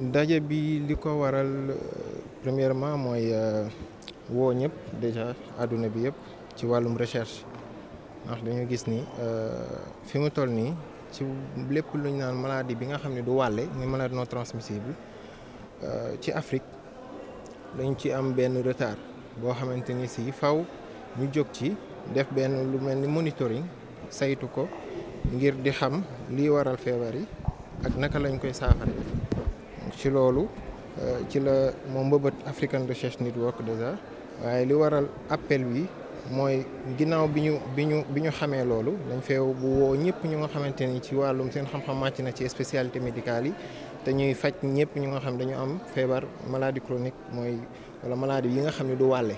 ndaje bi liko waral eh, premièrement moy eh, wo ñep déjà aduna bi yep ci walum recherche ndax dañu gis ni euh fimu toll ni ci lepp lu nane maladie bi nga xamni du walé ni maladie non transmissible eh, ci Afrique dañ ci am ben retard bo xamanteni ni si faw ñu jog ci def ben lu melni monitoring saytu ko ngir di xam li waral feebar ak naka lañ koy saafara ci lolu euh, ci la moom mbëbët African recherche Network déjà waye li waral appel wi moy ginnaaw biñu biñu biñu xamé lolu dañ fee bu wo ñepp ñu nga xamanteni ci walum seen xam-xam match na ci spécialité médicale yi té ñuy fajj ñepp ñu nga xam dañu am fièvre maladie chronique moy wala maladie yi nga xamni du walé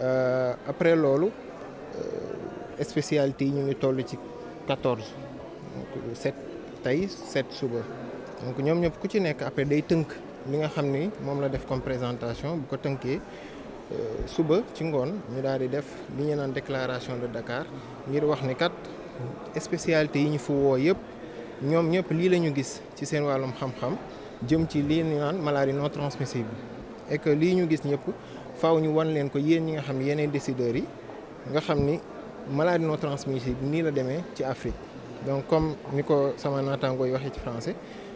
euh après loolu euh, spécialité ñu ngi tollu ci quatorze 7 tay 7 suba donc nous ñep ku ci nous après day nga la def comme présentation bu ko euh, def déclaration de Dakar ngir wax ni kat spécialité yi ñu fu wo la gis ci seen non transmissible et que li ñu gis ñep faaw ñu wan ko ñi décideurs yi maladie non transmissible ni la Afrique donc comme nous sama français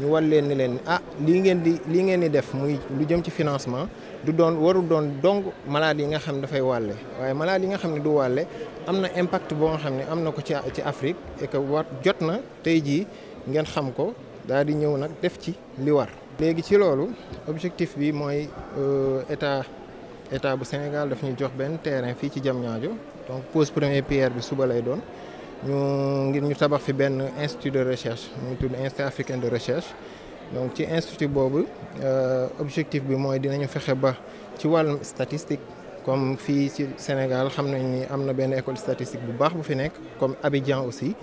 ñu war leen ni leen ah lii ngeen di lii ngeen di def muy lu jëm ci financement du doon warul doon dong malade yi nga xam ne dafay wàlle waaye malade yi nga xam ne du wàlle am na impact boo nga xam ne am na ko ci ci Afrique et war jot na tey jii ngeen xam ko daal di ñëw nag def ci li war. léegi ci loolu objectif bi mooy euh, état état bu Sénégal daf ñu jox benn terrain fii ci Diamniadio donc pose première pierre bi suba lay doon. Nous ngir ñu un institut de recherche un institut africain de recherche donc ci institut l'objectif euh, objectif bi mooy dinañu fexe ba comme le Sénégal nous avons ni école statistique bu baax bu comme Abidjan aussi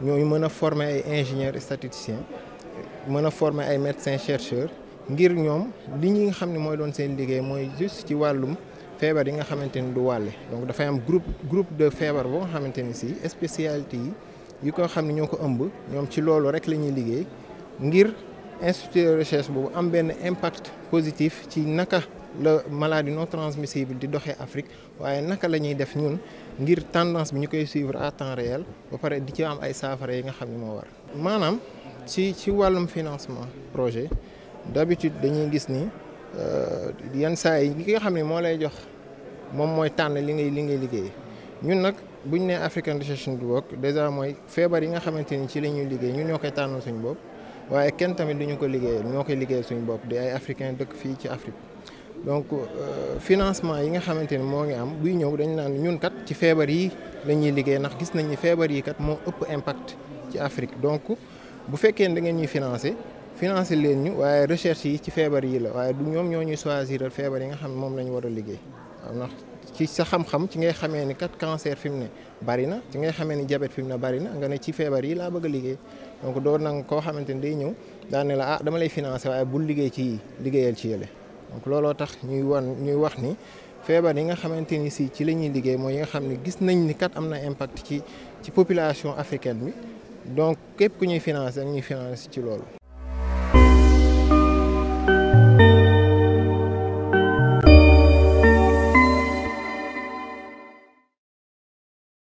Nous avons formé former ay ingénieurs statisticiens nous statisticiens, former ay médecins chercheurs ngir chercheurs. li ñi nga qui choses qui nous ont juste ci feebar yi nga xamanteni du walé donc da fay am groupe groupe de fièvre bo xamanteni xamante ni si spécialité yi ko xamni ñoko ëmb ñom ci lolu rek lañuy ñuy liggéey ngir institut de recherche boobu am ben impact positif ci naka le maladie non transmissible di doxé Afrique waye naka lañuy def ñun ngir tendance bi ñu suivre à temps réel ba paré di ci am ay saafara yi nga xamni mo war. manam ci ci walum financement projet d'habitude dañuy gis ni. Euh, yenn saa yi nga xam ne moo lay jox moom mooy tànn li ngay li liggéey ñun nag buñ nee African Research Network dèjà mooy feebar yi nga xamante ni ci la ñuy liggéey ñun ñoo koy tànnal suñu bopp waaye kenn tamit ñu ko liggéeyal ñoo koy liggéeyal suñu bopp di ay africain dëkk fii ci afric donc euh, financement yi nga xamante ni moo ngi am buy ñëw dañu naan ñun kat ci feebar yi lañuy liggéey ndax gis nañ ni feebar yi kat moo ëpp impact ci Afrique donc bu fekkee da ngeen ñuy financer. financé leen ñu waaye recherche yi ci feebar yi la waaye du ñoom ñoo ñuy choisir feebar yi nga xam ne moom la ñu war a liggéey ndax ci sa xam-xam ci ngay xamee ni kat cancer fi mu ne bari na ci ngay xamee ni diabète fi mu ne bari na nga ne ci feebar yi laa bëgg a liggéey donc doo nag koo xamante ni day ñëw daane la ah dama lay financé waaye bul liggéey ci liggéeyal ci yële donc looloo tax ñuy wan ñuy wax ni feebar yi nga xamante ni si ci la ñuy liggéey mooy yi nga xam ne gis nañ ni kat am na impact ci ci population africaine bi donc képp ku ñuy financé ak ñuy financé ci loolu